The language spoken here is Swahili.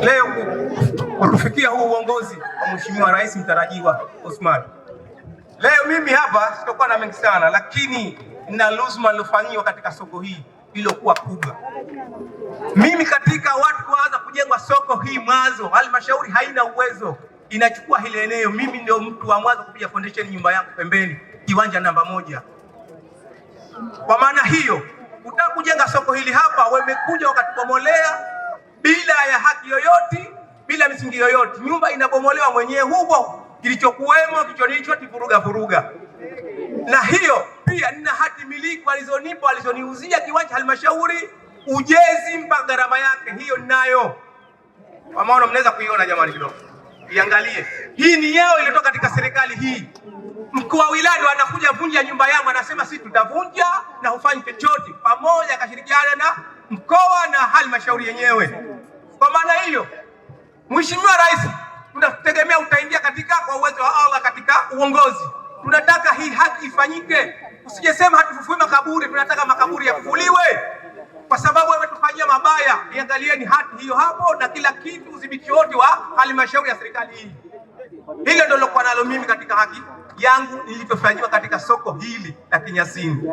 leo kutufikia huu uongozi wa Mheshimiwa Rais mtarajiwa Osman. Leo mimi hapa sitakuwa na mengi sana, lakini na luzma lilofanyiwa katika soko hii iliyokuwa kubwa. Mimi katika watu kuanza kujengwa soko hii mwanzo, halmashauri haina uwezo, inachukua hili eneo. Mimi ndio mtu wa mwanzo kupiga foundation nyumba yangu pembeni, kiwanja namba moja. Kwa maana hiyo, utaka kujenga soko hili hapa, wamekuja wakatubomolea bila ya haki yoyote, bila misingi yoyote. Nyumba inabomolewa mwenyewe huko, kilichokuwemo kichonicho tifuruga furuga. Na hiyo pia nina hati miliki alizonipa alizoniuzia kiwanja halmashauri, ujezi mpaka gharama yake hiyo ninayo, kwa maana mnaweza kuiona jamani, kidogo iangalie. Hii ni yao iliyotoka katika serikali hii. Mkuu wa wilaya anakuja vunja nyumba yangu, anasema sisi tutavunja na hufanyi chochote, pamoja akashirikiana na mkoa na halmashauri yenyewe hiyo, Mheshimiwa Rais, tunategemea utaingia katika kwa uwezo wa Allah katika uongozi. Tunataka hii haki ifanyike, usijesema hatufufui makaburi. Tunataka makaburi yafufuliwe kwa sababu wametufanyia mabaya. Iangalieni hati hiyo hapo na kila kitu, udhibiti wote wa halmashauri ya serikali hii. Hilo ndio lilokuwa nalo mimi katika haki yangu nilivyofanyiwa katika soko hili la Kinyasini.